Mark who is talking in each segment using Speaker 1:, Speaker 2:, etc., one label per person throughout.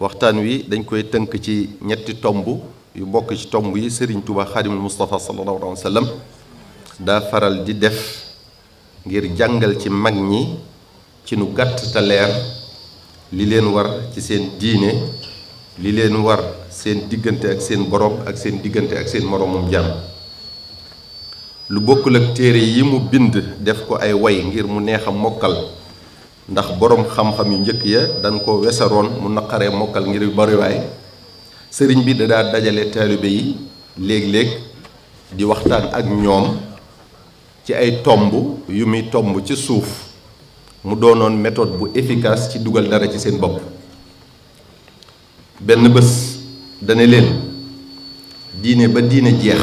Speaker 1: waxtaan wi dañ koy tënk ci ñetti tomb yu bokk ci tomb yi sëriñ Touba Xaadimul Moustapha sallallahu alayhi daa faral di def ngir jàngal ci mag ñi ci nu gàtt te leer li leen war ci seen diine li leen war seen diggante ak seen borom ak seen diggante ak seen moroomum jàmm lu bokkul ak téere yi mu bind def ko ay way ngir mu neex a mokkal ndax boroom xam-xam yu njëkk ya dañ ko wesaroon mu naqaree mokkal ngir bariwaay sëriñ bi dadaa dajale taalibe yi léeg-léeg di waxtaan ak ñoom ci ay tomb yu muy tomb ci suuf mu doonoon méthode bu efficace ci dugal dara ci seen bopp benn bés dane leen diine ba diine jeex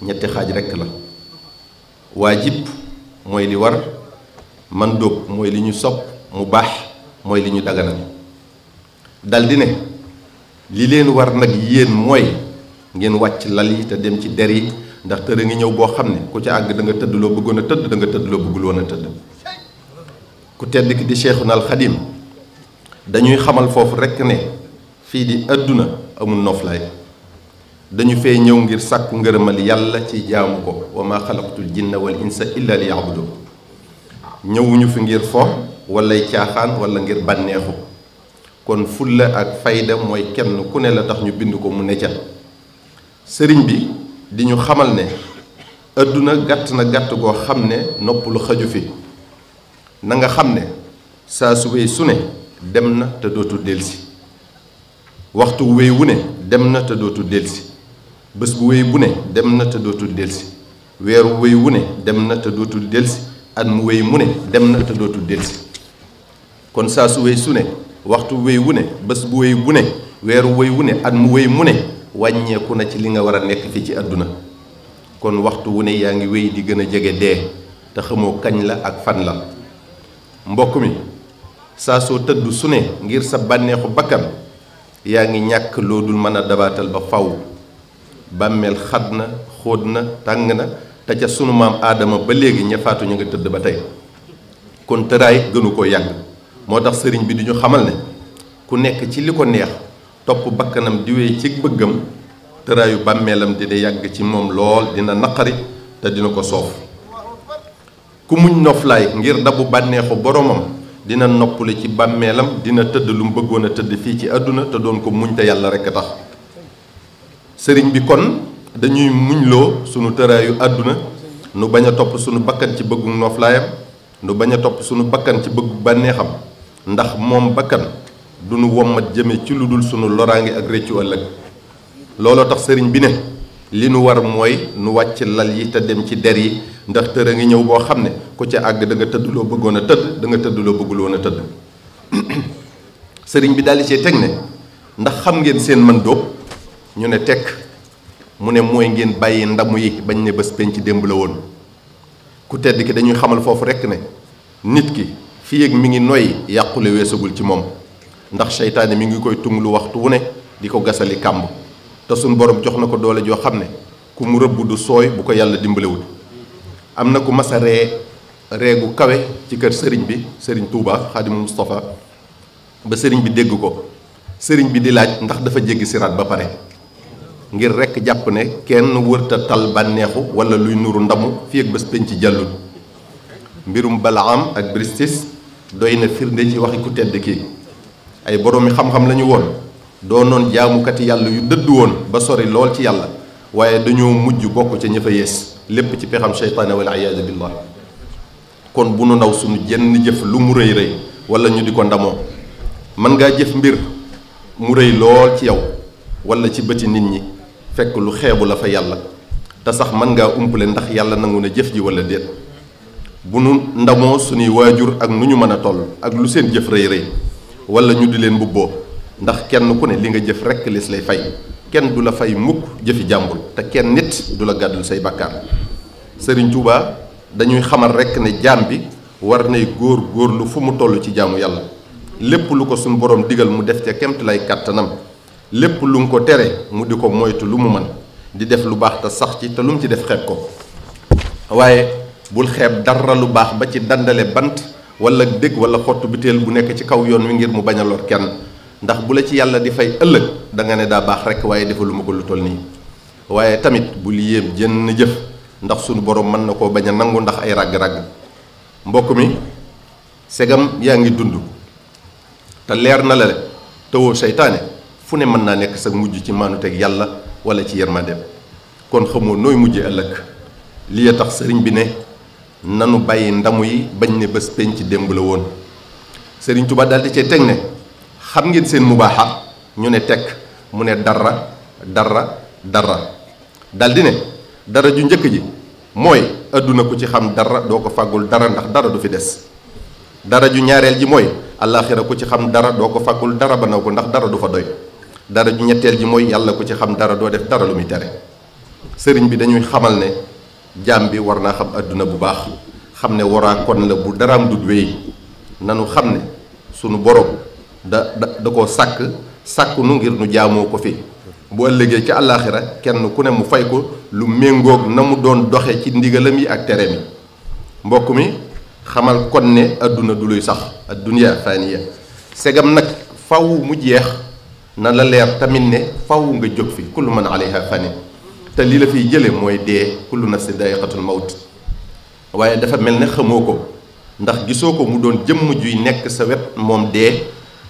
Speaker 1: ñetti xaaj rekk la waajib mooy li war man dóob mooy li ñu sopp mu baax mooy li ñu daganal daldi ne li leen war nag yéen mooy ngeen wàcc lal yi te dem ci der yi ndax tëra ngi ñëw boo xam ne ku ci àgg da nga tëdd loo bëggoon a tëdd danga nga tëdd loo bëggul woon a tëdd ku tedd ki di Cheikhuna al Xadim dañuy xamal foofu rekk ne fii di àdduna amul noflaay dañu fee ñëw ngir sàkku ngërëmal yàlla ci jaamu ko wa ma xalaqtul jinna wal insa illa li yaabudu ñëwuñu fi ngir fo walay caaxaan wala ngir bànneexu kon fulla ak fayda mooy kenn ku ne la tax ñu bind ko mu ne ca sëriñ bi di ñu xamal ne adduna gàtt na gàtt goo xam ne nopp lu xaju fi na nga xam ne saa su wéy su ne dem na te dootu delsi waxtu wéy wu ne dem na te dootu delsi bés bu wéy bu ne dem na te dootul delsi weeru wéy wu ne dem na te dootul delsi at mu wéy mu ne dem na te dootul delsi kon saa su wéy su ne waxtu wéy wu ne bés bu wéy wu ne weeru wéy wu ne at mu wéy mu ne wàññeeku na ci li nga war a nekk fii ci àdduna kon waxtu wu ne yaa ngi wéy di gën a jege dee te xamoo kañ la ak fan la mbokk mi saa soo tëdd su ne ngir sa bànneexu bakkan yaa ngi ñàkk loo dul mën a dabaatal ba faw bàmmeel xat na xóot na tàng na te ca sunu maam aadama ba léegi ña nga tëdd ba tey kon tëraay gënu ko yàgg moo tax sëriñ bi di ñu xamal ne ku nekk ci li ko neex topp bakkanam di ci bëggam tëraayu bàmmeelam dina yàgg ci moom lool dina naqari te dina ko soof ku muñ noflaay ngir dabu bànneexu boroomam dina noppali ci bàmmeelam dina tëdd lu mu bëggoon a tëdd fii ci àdduna te doon ko muñ te yàlla rekk a tax sëriñ bi kon dañuy muñloo sunu tëraayu àdduna nu bañ a topp sunu bakkan ci bëggu nooflaayam nu bañ a topp sunu bakkan ci bëggu bànneexam ndax moom bakkan du nu wommat jëme ci lu dul sunu loraange ak réccu ëllëg looloo tax sëriñ bi ne li nu war mooy nu wàcc lal yi te dem ci der yi ndax tër a ngi ñëw boo xam ne ku ca àgg danga nga tëdd loo bëggoon a tëdd danga nga tëdd loo bëggul a tëdd sëriñ bi daldi cee teg ne ndax xam ngeen seen mën dóob ñu ne tekk mu ne mooy ngeen bàyyi ndamu yi bañ ne bés penc démb la woon ku tedd ki dañuy xamal foofu rekk ne nit ki fii ak mi ngi noy yàqule weesagul ci moom ndax seytaane mi ngi koy tunglu waxtu wu ne di ko gasali kàmb te suñ borom jox na ko doole joo xam ne ku mu rëbb du sooy bu ko yàlla dimbalewul am na ku masa ree reegu kawe ci kër sëriñ bi sëriñ Touba Xaadimu Mustafa ba sëriñ bi dégg ko sëriñ bi di laaj ndax dafa jéggi siraat ba pare ngir rekk jàpp ne kenn wërta tal bànneexu wala luy nuru ndamu fii ak bés ci jàllul mbirum balaam ak bristis doy na firnde ci waxi ku tedd kii ay boroomi xam-xam lañu woon doo noon jaamukati yàlla yu dëdd woon ba sori lool ci yàlla waaye dañoo mujj bokk ca ña fa lépp ci pexam seytaane wala iyaadu billah kon bu nu ndaw suñu jenn jëf lu mu rëy rëy wala ñu di ko ndamoo mën ngaa jëf mbir mu rëy lool ci yow walla ci bëti nit ñi fekk lu xébu la fa yalla ta sax man nga umpulé ndax yalla nanguna jëf ji wala déet bu nu ndamo suñuy wajur ak nu ñu toll ak lu seen jëf reey reey wala ñu di leen mbubboo ndax kenn ku ne li nga jëf rek les lay fay kenn du fay mukk jëfi jambul ta kenn nit du la gàddul say bakkar serigne touba dañuy xamal rek ne jambi. war nay góor lu fu mu toll ci jaamu yalla lepp lu ko borom digal mu def ca kemt lay katanam lépp lu nga ko tere mu di ko moytu lu mu mën di def lu baax te sax ci te lu mu ci def xeeb ko waaye bul xeeb dara lu baax ba ci dandale bant wala dégg wala xottu butéel bu nekk ci kaw yoon wi ngir mu bañ a lor kenn ndax bu la ci yàlla di fay ëllëg danga ne daa baax rek waaye defaluma ko lu toll nii waaye tamit bul yéem jënn jëf ndax sunu boroom mën na koo bañ a nangu ndax ay ràgg-ràgg mbokk mi segam yaa ngi dund te leer na la tëwoo seytaane fu ne mën naa nekk sa mujj ci maanu teg yàlla wala ci yërmandeem kon xamoo nooy mujjee ëllëg li tax sëriñ bi ne nanu bàyyi ndamu yi bañ ne bés penc démb la woon sëriñ Tuubaa daal di cee teg ne xam ngeen seen mubaaxa ñu ne teg mu ne dara dara dara daldi ne dara ju njëkk ji mooy àdduna ku ci xam dara doo ko fàggul dara ndax dara du fi des dara ju ñaareel ji mooy àllaaxira ku ci xam dara doo ko fàggul dara ba naw ko ndax dara du fa doy dara ju ñetteel ji mooy yàlla ko ci xam dara doo def dara lu muy tere sëriñ bi dañuy xamal ne jaam bi war naa xam àdduna bu baax xam ne waraa kon la bu am dut wéy nanu xam ne sunu borom da da da koo sàkk sàkkunu ngir nu jaamoo ko fi bu ëllëgee ci àllaaxira kenn ku ne mu fay ko lu méngoog na mu doon doxe ci ndigalam yi ak tere mi mbokk mi xamal kon ne àdduna du luy sax ad dunya faniya segam nag faw mu jeex nala leer taminne faw nga jóg fi kullu man alayha fani te li la fi jële moy de kullu nafsi da'iqatul maut waye dafa melne xamoko ndax gisoko mu don jëm juuy nek sa wet mom de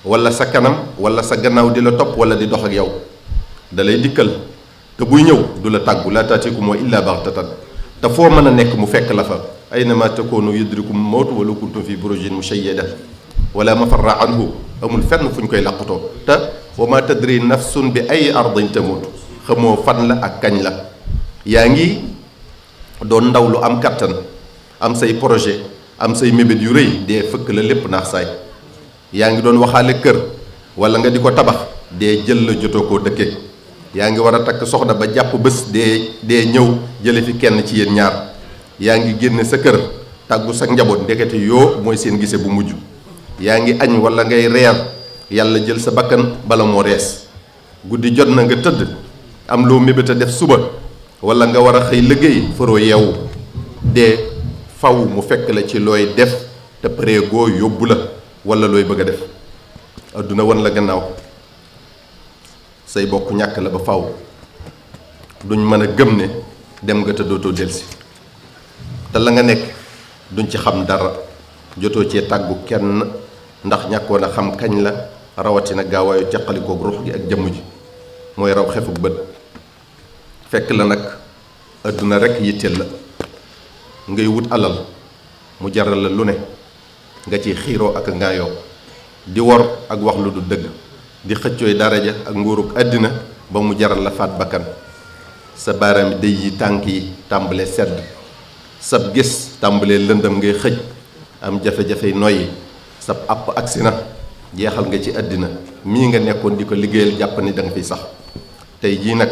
Speaker 1: wala sa kanam wala sa gannaaw di la topp wala di dox ak yow dalay dikkel te buy ñëw du la tàggu la taatiikumoo illaa baxtatan te foo mën a nekk mu fekk la fa aynama takunu yudrikum maut wala kuntum fi burujin mushayyada wala mafarra anhu amul fenn fuñ koy laqato ta wa ma tadri nafsun bi ay ardin tamut xamoo fan la ak kañ la yaa ngi doon ndaw lu am kattan am say projet am say mébét yu rëy dee fëkk la lépp naax saay yaa ngi doon waxaale kër wala nga di ko tabax dee jël la joto koo dëkke yaa ngi war a takk soxna ba jàpp bés dee dee ñëw jële fi kenn ci yéen ñaar yaa ngi génne sa kër tàggu sa njaboot ndekete yoo mooy seen gise bu mujj yaa ngi añ wala ngay reer yàlla jël sa bakkan bala moo rees guddi jot na nga tëdd am loo mébét a def suba walla nga war a xëy liggéey faroo yeewu dee faw mu fekk la ci looy def te prégo yóbbu la wala looy bëgg a def adduna wan la gannaaw say bokk ñàkk la ba faw duñ mën a gëm ne dem nga tëddootoo dootoo delsi te la nga nekk duñ ci xam dara jotoo cee tàggu kenn ndax ñàkkoon a xam kañ la rawatina gaawaayu jàqalikoog ruux gi ak jëmm ji mooy raw xefuk bët fekk la nag adduna rekk yitteel la ngay wut alal mu jaral la lu ne nga ciy xiiroo ak ngaayoo di wor ak wax lu du dëgg di xëccooy daraja ak nguurug àddina ba mu jaral la faat bakkan sa baaraami dëy yi tànk yi tàmbalee sedd sab gis tàmbale lëndëm ngay xëj am jafe-jafey noyyi sab àpp agsi na jeexal nga ci àddina mii nga nekkoon di ko liggéeyal jàpp ni da nga sax tey jii nag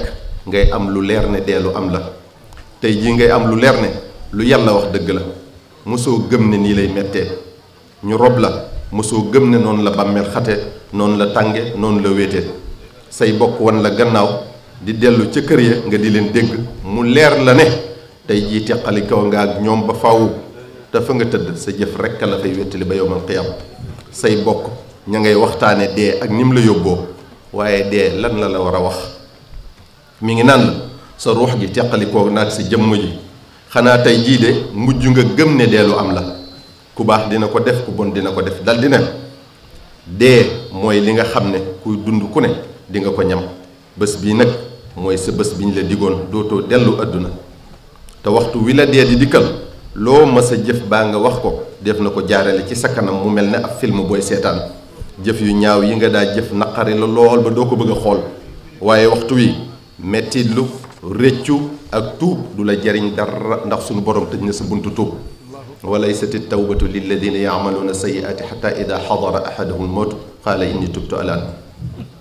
Speaker 1: ngay am lu leer ne deelu am la tey jii ngay am lu leer ne lu yàlla wax dëgg la mosoo gëm ne nii lay mettee ñu rob la mosoo gëm ne noonu la bàmmeel xate noonu la tànge noonu la wéete say bokk wan la gannaaw di dellu ca kër ya nga di leen dégg mu leer la ne tey jii teqali kaw nga ak ñoom ba faw te nga tëdd sa jëf rekk la fay wéttali ba yowmal qiyaam say bokk ña ngay waxtaane dee ak nim la yóbboo waaye dee lan la la war a wax mi ngi naan sa ruux gi teqalikoo naag si jëmm ji xanaa tey jii de mujj nga gëm ne dee lu am la ku baax dina ko def ku bon dina ko def dal dina dee mooy li nga xam ne kuy dund ku ne di nga ko ñam bés bii nag mooy sa bés bi ñu la digoon dootoo dellu àdduna te waxtu wi la dee di dikkal loo mës sa jëf baa nga wax ko def na ko jaarale ci sa kanam mu mel ne ab film booy seetaan jëf yu ñaaw yi nga daa jëf naqari la lool ba doo ko bëgg a xool waaye waxtu wi metti lu rëccu ak tuub du la jariñ dara ndax suñu borom tëj na sa buntu tuub walaysat altawbatu lilladina yaamaluuna sayiati xata ida xadara axadahum lmawt qaala inni tubtu alaan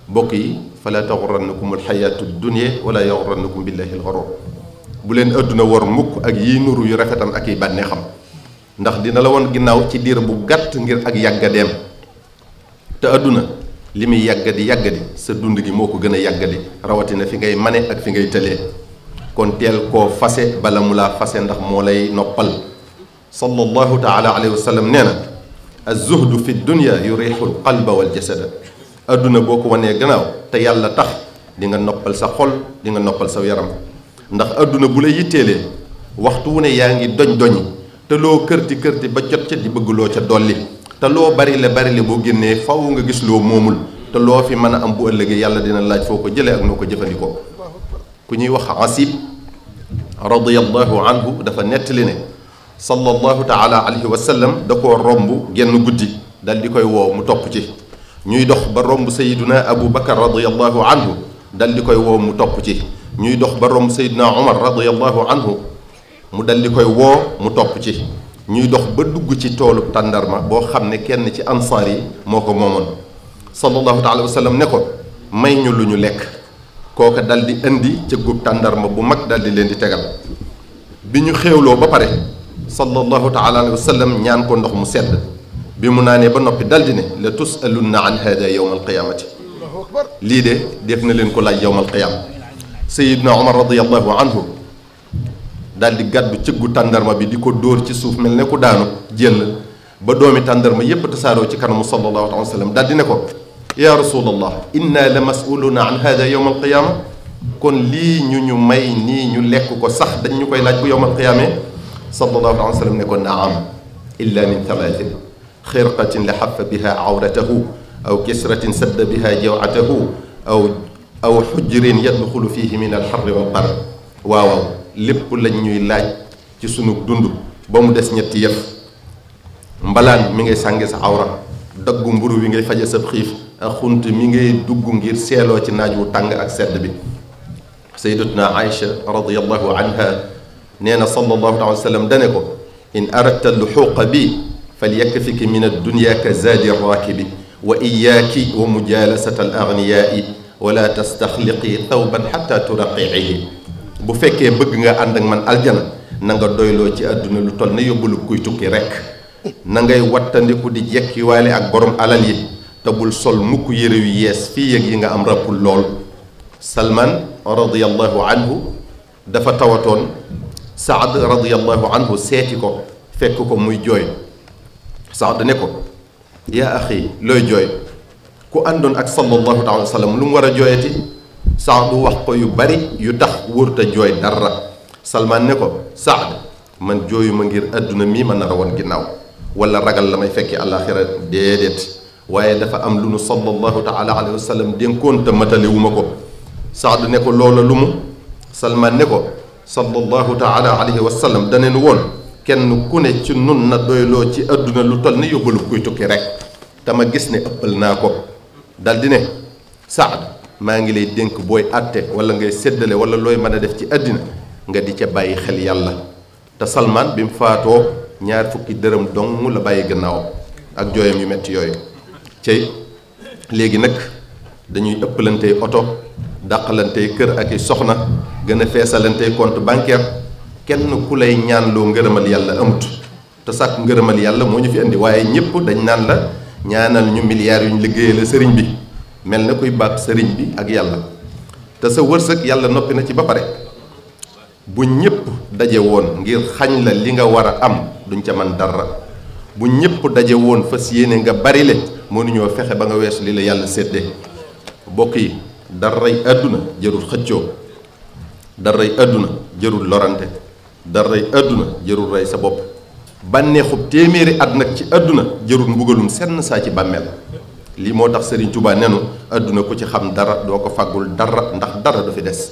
Speaker 1: bokk yi fala taxurannakum alxayaatu dunia wala yaxurannakum billahi alxaroor bu leen àdduna war mukk ak yiy nuru yu rafetam ak yi bànneexam ndax dina la woon ginnaaw ci diir bu gàtt ngir ak dem te àdduna li yagadi yàggadi yàggadi sa dund gi moo ko gën a yàggadi fi ngay mane ak fi ngay tëlee kon teel koo fase bala mu laa fase ndax moo lay noppal sallallahu taala alayhi wa sallam nee na azzuhdu fi dunya yurixu alqalba waljasada àdduna boo ko wanee gannaaw te yàlla tax di nga noppal sa xol di nga noppal sa yaram ndax àdduna bu la yitteelee waxtu wu ne yaa doñ te loo kërti kërti ba jot ca di bëgg loo ca dolli te loo bari la bari la boo génnee faw nga gis loo moomul te loo fi mën a am bu ëllëgee yàlla dina laaj foo ko jëlee ak noo ko jëfandikoo ku ñuy wax asib radiyallahu anhu dafa nettali ne sallallahu taala alayhi wa sallam da koo romb genn guddi dal di koy woo mu topp ci ñuy dox ba romb sayiduna abu bakar radiallahu anhu dal di koy woo mu topp ci ñuy dox ba romb sayiduna umar radiallahu anhu mu dal di koy woo mu topp ci ñuy dox ba dugg ci toolub tàndarma boo xam ne kenn ci ansaar yi moo ko moomoon sallallahu taala wa sallam ne ko may ñu lu ñu lekk kooka dal di indi cëggub tàndarma bu mag dal di leen di tegal bi ñu xéewloo ba pare sallallahu taala wa sallam ñaan ko ndox mu sedd bi mu naanee ba noppi dal di ne la tusalunna an hada yowma alqiyamati lii de def na leen ko laaj yowma alqiyam sayidna omar radiallahu anhu dal di gàddu ci gu tàndarma bi diko dor ci souf melne ko daanu jël ba doomi tàndarma yépp tasaaroo ci kanamu sallallahu alaihi wasallam dal di ne ko yaa rasulallah inna la masuluna an hadha yawm alqiyam kon li ñu ñu may ni ñu lek ko sax dañ ñukoy laaj bu yawm alqiyam sallallahu alaihi wasallam sallam ne ko naam illa min thalathin khirqatin li xafa biha awratahu aw kisratin sadda biha jawatahu aw aw hujrin yadkhulu fihi min wal walqar waaw waaw lépp lañ ñuy laaj ci sunu dund ba mu dess ñetti yëf mbalaan mi ngay sànge sa awra daggu mburu wi ngay faje sa xif ak xunt mi ngay dugg ngir selo ci naaju tàng ak sedd bi sayyidatuna aisha radiyallahu anha neena sallallahu alaihi wasallam dane ko in aradta al-luhuq bi فليكفك من الدنيا كزاد الراكب وإياك ومجالسة الأغنياء ولا تستخلقي ثوبا حتى ترقعيه bu fekkee bëgg nga ànd ak man aljana na nga doyloo ci àdduna lu toll ne yóbbalu kuy tukki rekk na ngay wattandiku di jekkiwaale ak borom alal yi tabul sol mukk yére yu yees fii yëg yi nga am rappul lool salman radiallahu anhu dafa tawatoon saad radiallahu anhu seeti ko fekk ko muy jooy saad ne ko yaa axi looy jooy ku àndoon ak sallallahu taala wa sallam lu mu war a jooyati saadu wax ko yu bari yu tax wóorut a jooy dara salmaan ne ko saad man jooyuma ngir àdduna mii ma nar woon ginnaaw wala ragal la may fekki àllaaxira déedéet waaye dafa am lu nu sallallahu taala alayhi wa sallam dénkoon te matale wu ma ko saad ne ko loola lu mu salmaan ne ko sallallahu taala alayhi wa sallam daneen woon kenn ku ne ci nun na doyloo ci àdduna lu toll ni yóbbalu kuy tukki rek te ma gis ne ëppal naa ko dal di ne saad maa ngi lay dénk booy àtte wala ngay seddale wala looy mën a def ci àddina nga di ca bàyyi xel yàlla te Salmaan bi mu faatoo ñaar fukki dërëm dong la bàyyi gannaawam ak jooyam yu metti yooyu cey léegi nag dañuy ëppalantey oto dàqalantey kër ak i soxna gën a feesalantey compte bancaire kenn ku lay ñaan ñaanloo ngërëmal yàlla amut te sàkk ngërëmal yàlla moo ñu fi indi waaye ñëpp dañ naan la ñaanal ñu milliards yu ñu liggéeyee la sëriñ bi mel na kuy baat sëriñ bi ak yàlla te sa wërsëg yàlla noppi na ci ba pare bu ñëpp daje woon ngir xañ la li nga war a am duñ ca man dara bu ñëpp daje woon fas yéene nga bari le mënuñoo fexe ba nga weesu li la yàlla sédde bokk yi daray àdduna jërul xëccoo daray àdduna jërul lorante daray àdduna jërul rey sa bopp bànneexub téeméeri at nag ci àdduna jërul mbugalum senn saa ci bàmmeel li moo tax Serigne Touba nenu àdduna ku ci xam dara doo ko fàggul dara ndax dara du fi des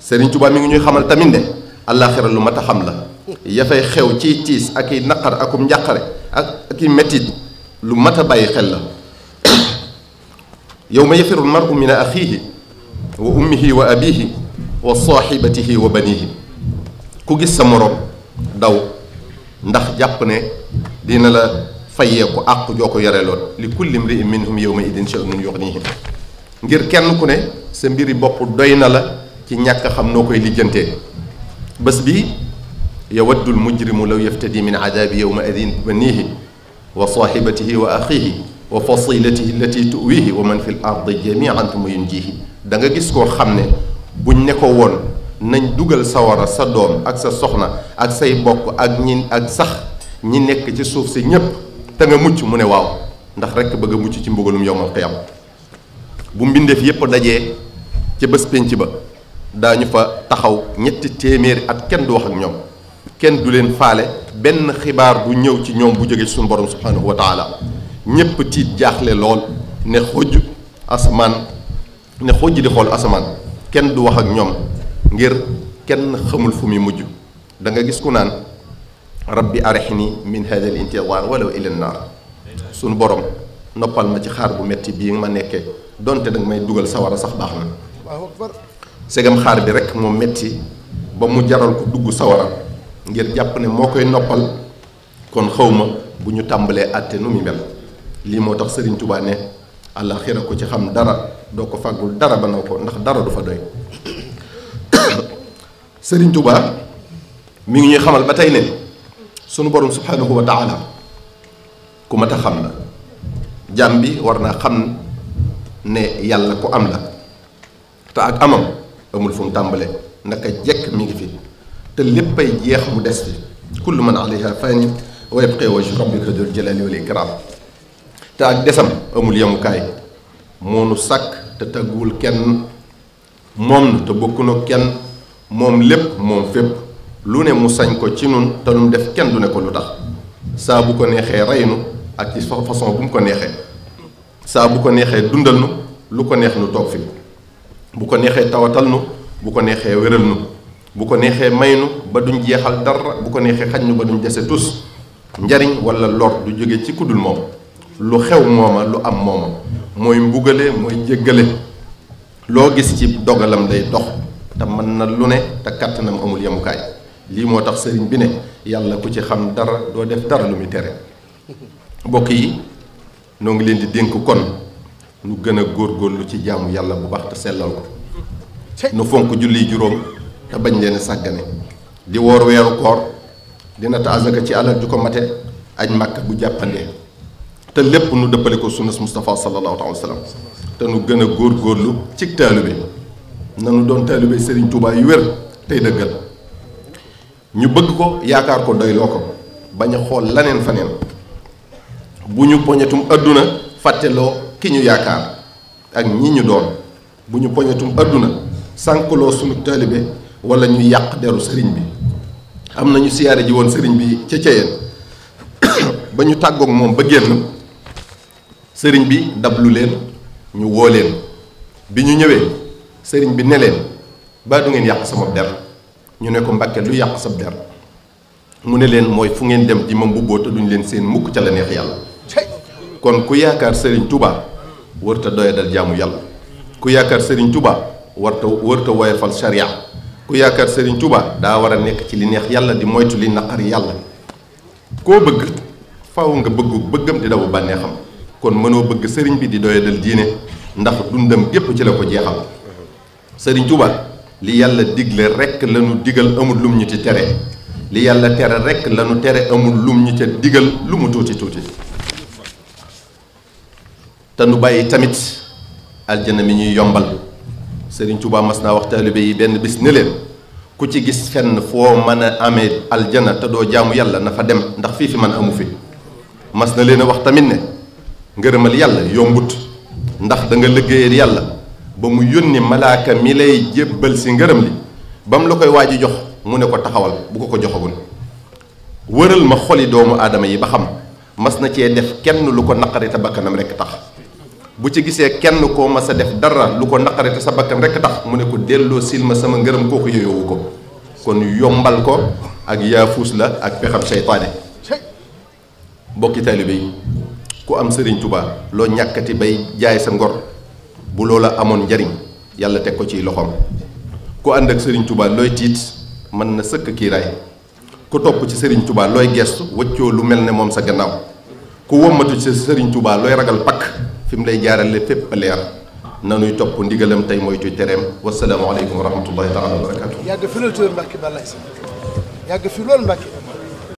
Speaker 1: Serigne Touba mi ngi ñuy xamal tamit ne àllaaxira lu mat a xam la yafay xew ciy tiis ak i naqar akum njàqare ak ak métit lu mata a bàyyi xel la yow ma yafiru lmaru min axiihi wa ummihi wa abihi wa sahibatihi wa banihi ku gis sa moroom daw ndax jàpp ne dina la fayeeku àq joo ko yoreloon li kulli mri'in minhum yawma idin sha'nun yughnihi ngir kenn ku ne sa mbiri bopp doy na la ci ñàkk xam noo koy lijjantee bés bi yawaddul mujrimu law yaftadi min adabi yawma idin banihi wa sahibatihi wa axihi wa fasilatihi allati tuwihi wa man fi l ardi jamian tuma yunjihi da nga gis koo xam ne buñ ne ko woon nañ dugal sawara sa doom ak sa soxna ak say bokk ak ñin ak sax ñi nekk ci suuf si ñépp danga nga mucc mu ne waaw ndax rekk bëgg a mucc ci mbugalum yowmal xiyam bu mbindeef yépp daje ca bés pénc ba daañu fa taxaw ñetti téeméeri at kenn du wax ak ñoom kenn du leen faale benn xibaar bu ñëw ci ñoom bu jóge ci suñu borom subhanahu wa taala ñépp tiit jaaxle lool ne xojj asamaan ne xojj di xool asamaan kenn du wax ak ñoom ngir kenn xamul fu muy mujj da nga gis ku naan rabbi arixni min hada al intidar walaw ila naar suñu borom noppal ma ci xaar bu metti bii ma nekkee donte danga may dugal sawara sax baax na segam xaar bi rek moom metti ba mu jaral ko dugg sawara ngir jàpp ne moo koy noppal kon xawma bu ñu tàmbalee àtte nu mu mel lii moo tax Sëriñ Tuubaa ne àllaaxira ko ci xam dara doo ko fàggul dara ba naw ko ndax dara du fa doy Sëriñ Tuubaa mi ngi ñuy xamal ba tey ne sunu borom subhanahu wa taala ku mata a xam la jàmm bi xam ne yàlla ku am la ta ak amam amul fum tàmbale naka jek mi ngi fi te léppay jeex mu dess fi kullu man alayha fani wa yabqa wajhu rabbika dhul jalali wal ikram ta ak desam amul kay monu sak te tagul ken mom te bokku no ken mom lépp mom fépp lu ne mu sañ ko ci nun te def kenn du ne ko lu tax saa bu ko neexee rey nu ak ci façon bu mu ko neexee saa bu ko neexee dundal nu lu ko neex nu toog fi bu ko neexee tawatal nu bu ko neexee wéral nu bu ko neexee may nu ba duñ jeexal dara bu ko neexee xaj nu ba duñ dese tus njariñ wala lor du jóge ci kuddul moom lu xew mooma lu am mooma mooy mbugale mooy jéggale loo gis ci dogalam day dox te mën na lu ne te kàttanam amul yemukaay lii moo tax sëriñ bi ne yàlla ku ci xam dara doo def dara lu muy tere mbokk yi noo ngi leen di dénk kon nu gën a góorlu ci jàmm yàlla bu baax te sellal ko nu fonk julli juróom te bañ leen sàggane di woor weeru koor dina taasaka ci alal ju ko mate aj màkk bu jàppandee te lépp nu dëppale ko sunnas Mustafa sallallahu alayhi te nu gën a góorgóorlu ci taalibe nanu doon taalibe sëriñ tubaay yu wér tey dëggal ñu bëgg ko yaakaar ko doyloo ko bañ a xool laneen faneen bu ñu poñetum àdduna fàtteloo ki ñu yaakaar ak ñii ñu doon bu ñu poñetum àdduna sànkloo sunu taalibe wala ñu yàq deru sëriñ bi am nañu siyaare ji woon sëriñ bi ca ceyeen ba ñu tàggoog moom ba génn sëriñ bi dablu leen ñu woo leen bi ñu ñëwee sëriñ bi ne leen baa du ngeen yàq sama der ñu ne ko mbacke lu yàq sa der mu ne leen mooy fu ngeen dem di ma mbubboo te duñ leen seen mukk ca la neex yàlla kon ku yaakaar sëriñ Touba warta doyadal jaamu yàlla ku yaakaar sëriñ Touba warta warta woyofal sharia ku yaakaar sëriñ Touba daa war a nekk ci li neex yàlla di moytu li naqari yàlla koo bëgg faaw nga bëgg bëggam di daw bànneexam kon mënoo bëgg sëriñ bi di doyadal diine ndax dundam gépp ci la ko jeexal sëriñ Touba li yàlla digle rekk lañu digal amul lum ñu ci tere li yàlla tere rekk lañu tere amul lum ñu ca digal lu mu tuuti tuuti te nu bàyyi tamit aljana mi ñuy yombal Sëriñ Tuubaa mas naa wax taalibe yi benn bis ni leen ku ci gis fenn foo mën a amee aljana te doo jaamu yàlla na fa dem ndax fii fi man amu fi mas na leen a wax tamit ne ngërëmal yàlla yombut ndax da liggéeyal yàlla ba mu yónni malaaka mi lay jébbal si ngërëm li ba mu la koy waaj jox mu ne ko taxawal bu ko ko joxagul wëral ma xoli doomu aadama yi ba xam mas na cee def kenn lu ko naqari te bakkanam rekk tax bu ci gisee kenn koo mas a def dara lu ko naqari sa bakkan rekk tax mu ne ko delloo silma sama ngërëm kooku yeyoowu ko kon yombal ko ak yaafuus la ak pexam seytaane bokki taalibe yi ku am sëriñ tubaa loo ñàkkati bay jaay sa ngor bu loola amoon njariñ yàlla teg ko ci loxoom ku ànd ak Serigne Touba looy tiit mën na sëkk kiiraay ku topp ci sëriñ Touba looy gestu wëccoo lu mel ne moom sa gannaaw ku wommatu ci sëriñ Touba looy ragal pakk fi mu lay jaarale fépp leer nanuy topp ndigalam tey moytu tereem wasalaamualeykum wa rahmatullahi taala wa barakaatu. yàgg fi loolu